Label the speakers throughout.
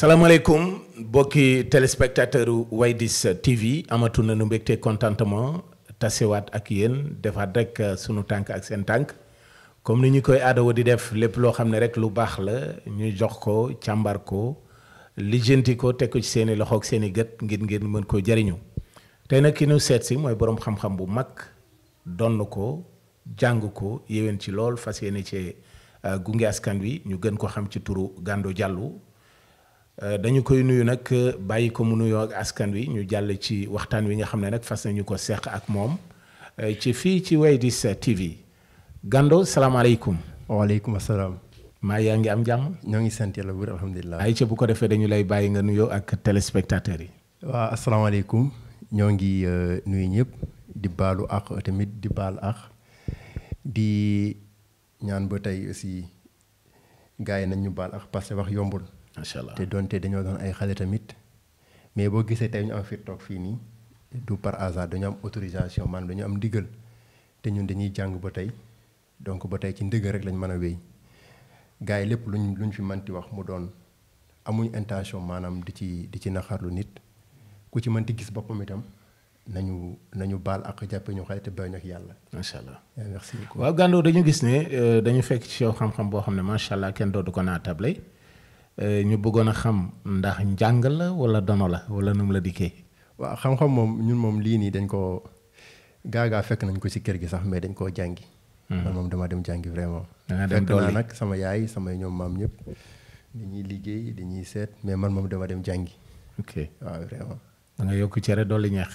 Speaker 1: salaamaaleykum bokki téléspectateur Widish TV amatu nañu mbégte contentement tasewaat ak yéen defaat rek euh, sunu tànk ak seen tànk comme ni ñu koy aadawa di def lépp loo xam ne rek lu baax la ñu jox ko càmbar ko lijjanti ko teg ko ci seen i loxo ak seen i gët ngir ngeen mën koo jariñu tey nag ki ñu seet si mooy boroom xam-xam bu mag donn ko jàng ko yéwén ci lool fas yéene ci euh, gunge askan wi ñu gën ko xam ci turu gàndu Diallo Euh, dañu koy nuyu nag euh, bàyyi ko mu nuyoo ak askan wi ñu jàll ci waxtaan wi nga xam ne nag fas nañu ko seq ak moom euh, ci fii ci Widish TV Gando salaamaaleykum. waaleykum salaam. maa yaa ngi am jàmm. ñoo ngi sant yàlla bu wér alhamdulilah. bu ko defee dañu lay bàyyi nga nuyoo ak téléspectateurs yi. waaw asalaamaaleykum
Speaker 2: ñoo ngi nuyu ñëpp di baalu ak tamit di baal ak di ñaan ba tey aussi gars yi nañ ñu baal ak parce que wax yombul. macha allah te donte dañoo doon ay xale tamit mais boo gisee tey ñu am fi toog fii nii du par hasard dañu am autorisation maanaam dañu am ndigal te ñun dañuy jàng ba tey donc ba tey ci ndigal rek lañ mën a wéy gars yi lépp luñ luñ fi mënti wax mu doon amuñ intention maanaam di ci di ci naxarlu nit ku ci mënti gis boppam itam
Speaker 1: nañu nañu baal ak jàppe ñu xale te yàlla. macha allah eh, merci beaucoup waaw Gando dañu gis ne euh, dañu fekk ci yow xam-xam boo xam ne macha allah kenn doo du ko naa table Euh, ñu bëggoon a xam ndax njàng la wala dono la wala nu mu la dikkee. waaw xam-xam moom
Speaker 2: ñun moom lii nii dañ koo gaa gaa fekk nañ ko ci kër gi sax mais dañ koo jàngi. Hmm. man moom dama dem jàngi vraiment. fekk naa nag sama yaay sama ñoom maam ñëpp dañuy liggéey dañuy seet mais man moom dama dem jàngi. ok waaw vraiment.
Speaker 1: da nga yokk cere dolli ñeex.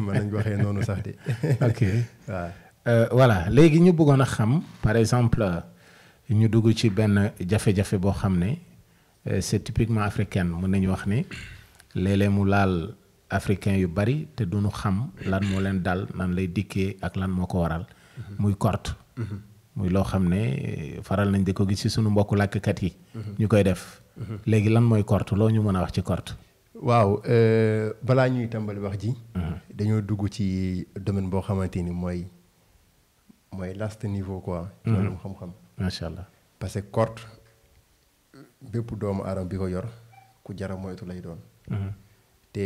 Speaker 2: man nañ waxee noonu sax de. ok waaw.
Speaker 1: Euh, voilà léegi ñu bëggoon a xam par exemple euh, ñu dugg ci benn jafe-jafe boo xam ne. Euh, c'est typiquement africain mën nañ wax ni léeg-léeg africain yu bari te duñu xam lan moo leen dal nan lay dikkee ak lan moo mhm. muy mhm. muy euh, faral nañ di ko gis ci sunu mbokku yi mhm. ñu def léegi lan mooy loo ñu mën wax ci
Speaker 2: waaw euh, ñuy wax ji dugg ci domaine ni mooy last niveau quoi ci xam-xam parce que bépp doomu aadama bi ko yor ku jara moytu lay doon. Mhm. te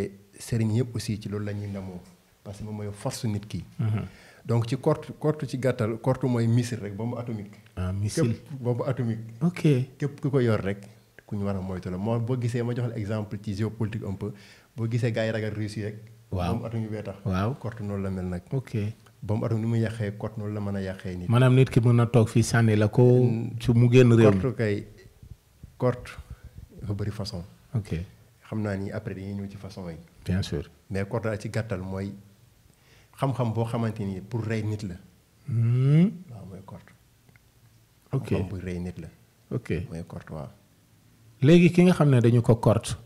Speaker 2: sëriñ yëpp aussi ci loolu la ñuy ndamoo parce que moom mooy force nit ki. Mhm. donc ci korte korte ci gàttal korte mooy missile rek bombe atomique. ah missile képp bombe atomique. ok képp ku ko yor rek ku ñu war a moytu la moo boo gisee ma jox la exemple ci géopolitique un peu mu yàqee korte noonu la mën a yàqee nit. maanaam
Speaker 1: nit ki mën na toog fii sànni la ko. su mu génn réew
Speaker 2: mi corte dafa bëri façon. ok xam naa ni après dañuy ñëw ci façon yi. bien sûr mais corte daal ci gàttal mooy xam-xam boo xamante ni pour rey nit la.
Speaker 1: Hmm.
Speaker 2: waaw mooy corte. ok xam-xam rey nit la. ok mooy corte waaw.
Speaker 1: léegi ki nga xam ne dañu ko corte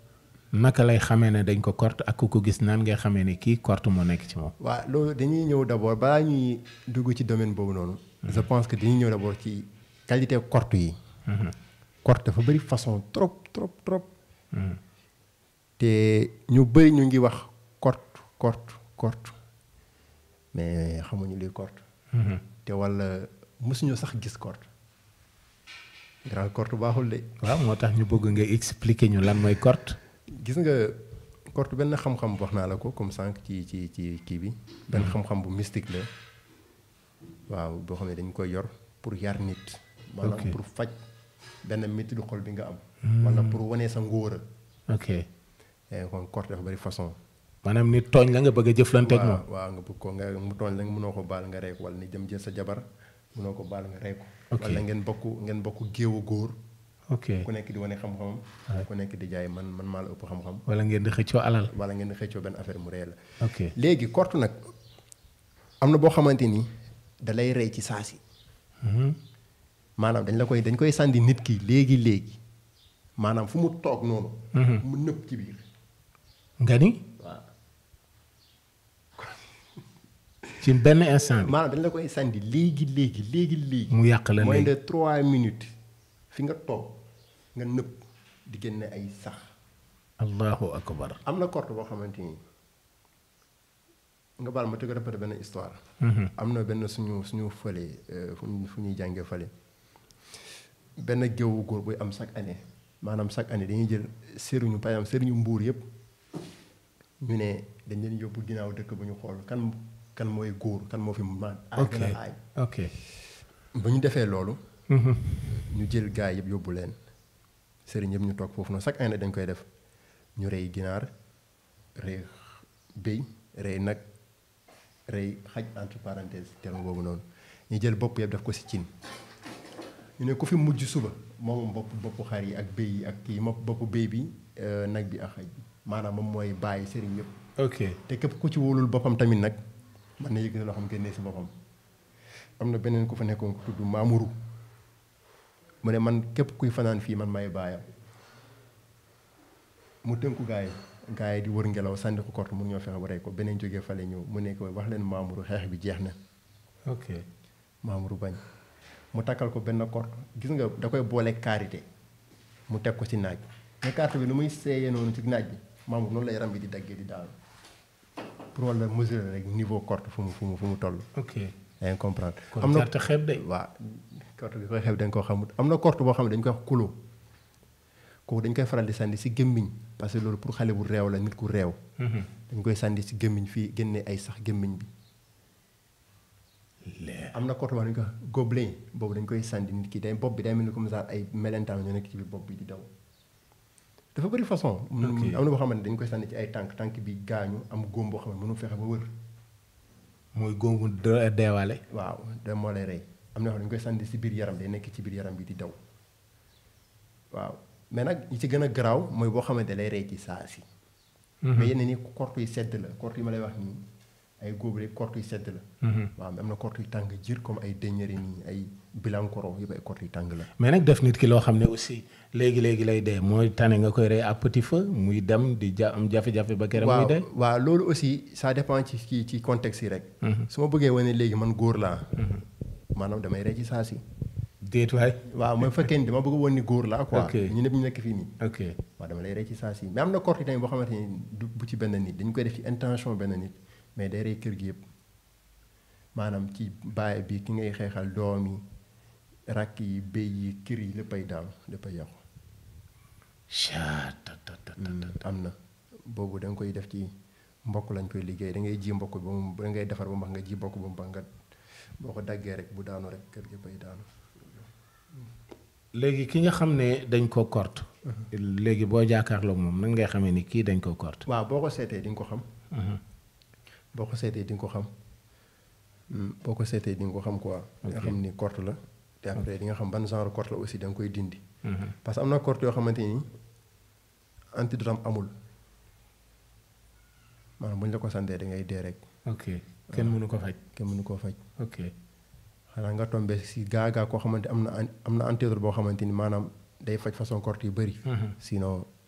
Speaker 1: naka lay xamee ne dañ ko corte ak ku ko gis naan ngay xamee ne kii corte moo nekk ci moom.
Speaker 2: waaw loolu dañuy ñëw d' abord balaa ñuy dugg ci domaine boobu noonu. je mhm. pense que dañuy ñëw d' abord ci qualité corte yi.
Speaker 1: Mhm. kor dafa bëri façon trop trop trop
Speaker 2: hmm. te ñu bëri ñu ngi wax kort corte kort mais xamuñu luy corte hmm. te walla mësuñu sax gis corte
Speaker 1: grand kort baaxul de waaw moo tax ñu bëgg nga expliquer ñu lan mooy corte
Speaker 2: gis nga corte benn xam-xam wax naa la ko comme sànq ci ci ci kii bi benn hmm. xam-xam bu mystique la waaw boo xam ne dañ koy
Speaker 1: yor pour yar nit maanaam pour
Speaker 2: faj benn métti du xol bi nga am. Hmm. wala pour wane sa ngóora. ok eh, kon corte dafa bëri
Speaker 1: façon. maanaam ni tooñ la nga bëgg a jëflante ak moom
Speaker 2: waaw nga bëgg ko nga mu tooñ la nga mënoo ko baal nga rey ko wala ni jëm jël sa jabar mënoo ko baal nga rey ko. wala ngeen bokk ngeen bokk géewu góor. ok ku nekk di wane xam-xamam. ku nekk di jaay man man maa la ëpp xam-xam. wala ngeen di xëccoo alal. wala ngeen di xëccoo benn affaire mu rey la. ok léegi kortu nag am na boo xamante ni da lay rey ci maanaam dañ la koy dañ koy sànni nit ki léegi léegi maanaam fu mu toog noonu. Mhm. mu nëpp ci biir.
Speaker 1: nga ni. maanaam
Speaker 2: dañ la koy sànni léegi léegi léegi léegi. mu yàq la léegi mooy de trois minutes fi nga toog nga nëpp di génne ay sax. allahu akbar. am na korte boo xamante ni nga baal ma tëgg répété benn histoire. Mhm. am na benn suñu suñu fële euh, fu ñuy fu ñuy jàngee fële. benn géewu góor buy am chaque année maanaam chaque année dañuy jël sëriñu par exemple sëriñu mbuur yëpp ñu ne dañ leen yóbbu ginnaaw dëkk bu ñu xool kan kan mooy góor kan moo fi man aay gën a aay ok bu ñu defee loolu mm-hmm. ñu jël gaa yëpp yóbbu leen sëriñ yëpp ñu toog foofu noonu chaque année dañ koy def ñu rey ginaar rey béy rey nag rey xaj entre parenthèse terme boobu noonu ñu jël bopp yëpp def ko si cin ñu ne ku fi mujj suba moom bopp boppu xar yi ak béy yi ak kii moom boppu béy bi euh, nag bi ak xaj bi maanaam moom mooy bàyyi sëriñ yëpp. ok te képp ku ci wóolul boppam tamit nag mën na yëg loo xam génnee si boppam. am na beneen ku fa nekkoon ku tudd Mamourou mu ne man képp kuy fanaan fii man may baayam mu tënku gaay yi gaay yi di wër ngelaw sànni ko kort mun ñoo fexe ba ko beneen jógee fale ñëw mu nekk wax leen Mamourou xeex bi jeex na. ok Mamourou bañ. mu takkal ko benn kort gis nga da koy boole karité mu teg ko ci naaj mais carte bi nu muy seeyee noonu ci naaj bi maam noonu la yaram bi di daggee di daal pour wala mesurer rek niveau corde fu mu fu mu fu mu toll. ok yaa am na carte xeeb de. waaw corde bi koy xeeb dañ koo xamut am na corde boo xam ne dañ koy wax kooku dañ koy faral di sànni si gémmiñ parce que loolu pour xale bu réew la nit ku réew. Mhm. dañ koy sànni si gémmiñ fii génne ay sax gémmiñ bi. am na côté boo xam ne gobelin boobu dañ koy sandi nit ki day bopp bi day mel ni comme ça ay melentaan ñu nekk ci bi bopp bi di daw. dafa bëri façon. am na boo xamante dañ koy sandi ci ay tànk tànk bi gaañu am góom boo xam ne mënu fexe ba wër. mooy góomu deewaale. waaw de moo lay rey am na xam ne dañ koy sandi si biir yaram day nekk ci biir yaram bi di daw waaw mais nag yi ci gën a garaaw mooy boo xamante lay rey ci saa si. Mhm. mais yenn ni kortu yi sedd la kortu yi ma lay wax nii. ay góob rek korte yu sedd la. waaw mhm. am na korte yu tàng jër comme ay dëñëri nii ay bilankoro yëpp ay korte yu tàng la.
Speaker 1: mais nag def nit ki loo xam ne aussi léegi léegi lay dee mooy tane nga koy rey à petit muy dem di jafe-jafe ba keroog. muy dee waaw waaw loolu aussi ça
Speaker 2: dépend ci ci ci contexte yi rek. Mhm. su ma bëggee wane léegi man góor laa. Mhm. maanaam damay rey ci saa si. déet waay. waaw mooy fekkee ni dama bëgg woon ni góor laa quoi. ñu ñëpp ñu nekk fii nii. ok waaw dama lay rey ci saa si mais am na korte yi tamit boo xamante ni bu ci benn nit mais day rey kër gi yëpp maanaam ci baay bi ki ngay xeexal doom yi rakk yi béy yi kër yi léppay daanu ta yàqu. Mm, am na boobu da nga koy def ci mbokk lañ koy liggéey da ngay ji mbokk ba da ngay defar ba mbax nga ji mbokk ba mbax nga boo ko daggee rek bu daanu rek kër gi bay daanu.
Speaker 1: léegi ki nga xam ne dañ ko kort. Mm-hmm. léegi boo jàkkaarloo moom nan ngay xamee ni kii dañ ko kort. waaw boo ko seetee di nga ko xam.
Speaker 2: Mm-hmm boko sété di nga ko xam mm, boko ko di nga ko xam quoi. nga xam ni corte la. té après di nga xam ban genre corte la aussi dang koy dindi. Mhm. parce amna corte yo xamanteni anti drame amul manam buñ la ko santé da ngay dé rek. ok ah. kenn mënu ko faj. kenn mënu ko faj. ok xana nga tomber ci gaga ko xamanteni amna amna na am na antidote day faj façon corte yu bari mhm. sinon.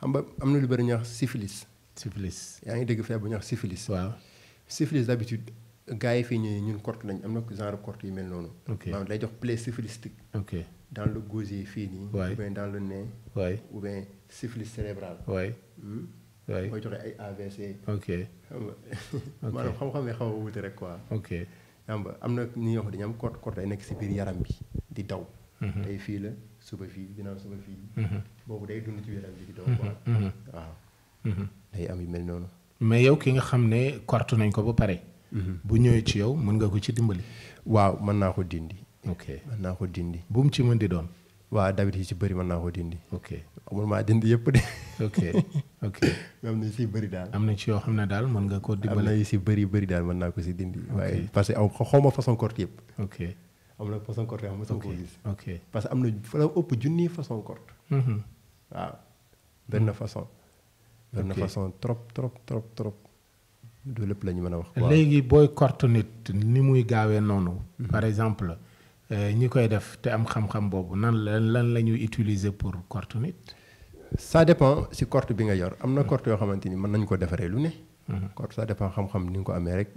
Speaker 2: xam nga am na lu bëri ñuy syphilis. syphilis yaa ngi dégg feebar bu wax syphilis. waaw syphilis d'habitude gars yi fii ñu ñun corte nañ am na genre corte yu mel noonu. ok maanaam day jox plaie syphilistique. ok dans le gosier fii nii. waay ou bien dans le nez. waay ou bien syphilis cérébrale. waay. Hmm? waay mooy joxe ay AVC. ok xam nga maanaam xam-xam yi xaw a wuute rek quoi. ok xam nga am na ñuy wax dañu am corte corte day nekk si biir yaram bi di daw. Mhm. tey fii la. suba fii ginnaaw suba fii. Mhm. boobu day dund ci biir bi doom mhm, mhm. waaw. day am yu mel noonu.
Speaker 1: mais yow kii nga xam ne kort nañ ko ba pare. bu ñëwee ci yow mën nga ko ci dimbali. waaw mën naa ko dindi. ok naa ko dindi. bu
Speaker 2: mu ci mën di doon. waaw d'habitude yi ci bëri mën naa ko dindi. ok amul maa dindi yëpp de. ok ok.
Speaker 1: am na si am na ci yoo xam ne daal mën nga koo dimbali. am na
Speaker 2: si bëri daal mën naa ko si dindi. waaye parce que aw xaw ma façon korte yëpp. am na façon corde yoo xam ne mosoo gis. ok parce que am na fa la ëpp junni façon corde. Mm-hmm. waaw benn façon. benn façon trop trop trop trop. du lépp la ñu mën a wax. léegi
Speaker 1: booy corde nit ni muy gaawee noonu. Mm-hmm. par exemple eh, ñi koy def te am xam-xam boobu nan la lan la ñuy utiliser pour corde nit. ça dépend si corde bi
Speaker 2: nga yor am na mm-hmm. corde yoo xamante ni mën nañ ko defaree lu ne. corde ça dépend xam-xam ni nga ko amee rek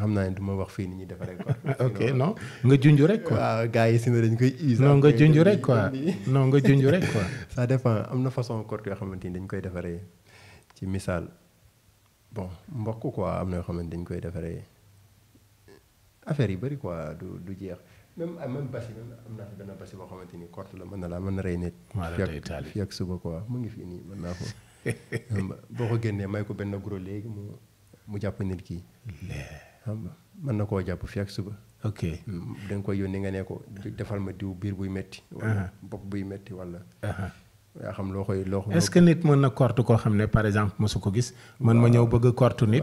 Speaker 2: xam naa ne du ma wax fii ni ñuy defaree quoi. ok non nga junj rek quoi. waaw gars yi si dañ koy usé. non nga junj rek quoi non nga junj rek quoi. ça dépend am na façon corte yoo xamante ni dañ koy defaree ci misaal bon mbokk quoi am na yoo xamante dañ koy defaree affaire yi bëri quoi du du jeex. même ah, même basi même am naa fi benn basi boo xamante ni corte la mën na laa mën na rey nit. fii ak suba quoi mu ngi fii nii mën naa ko. boo ko génnee may ko benn gros léegi mu mu jàpp nit kii. Ah, mën na koo jàpp fii ak suba. ok mm, da nga koy yónni nga ne ko defal ma diw biir buy metti wala bopp buy metti wala. yaa xam loo koy loo.
Speaker 1: est-ce que nit mën na kortu koo xam ne par exemple mosu ko gis. man ma ñëw bëgg kortu nit.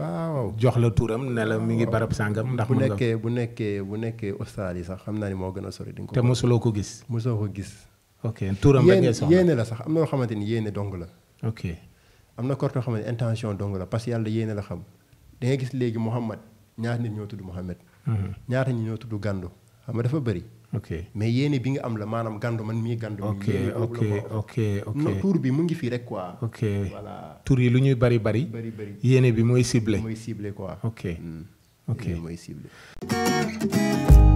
Speaker 1: jox la turam ne la mi ngi barab sàngam. ndax bu nekkee bu nekkee bu nekkee Australie sax xam naa ni moo gën a sori. di nga ko te mosuloo ko gis. mosoo ko gis. ok turam rek ngay soxla yéene
Speaker 2: la sax am na loo xamante ni yéene dong la. ok am na kortu yoo xamante intention dong la parce que yàlla yéene la xam da gis léegi Mouhamad. ñaata nit ñoo tudd Mouhamed. Mhm. ñaata ñi ñoo tudd Gàndu xam dafa bëri. ok mais yéene bi nga am la maanaam Gàndu man mii Gàndu. bi mu ngi fii rek quoi. ok voilà tuur yi
Speaker 1: lu ñuy bari bari. bari bari yéene bi mooy ciblé. mooy ciblé quoi. ok hmm. mooy ciblé.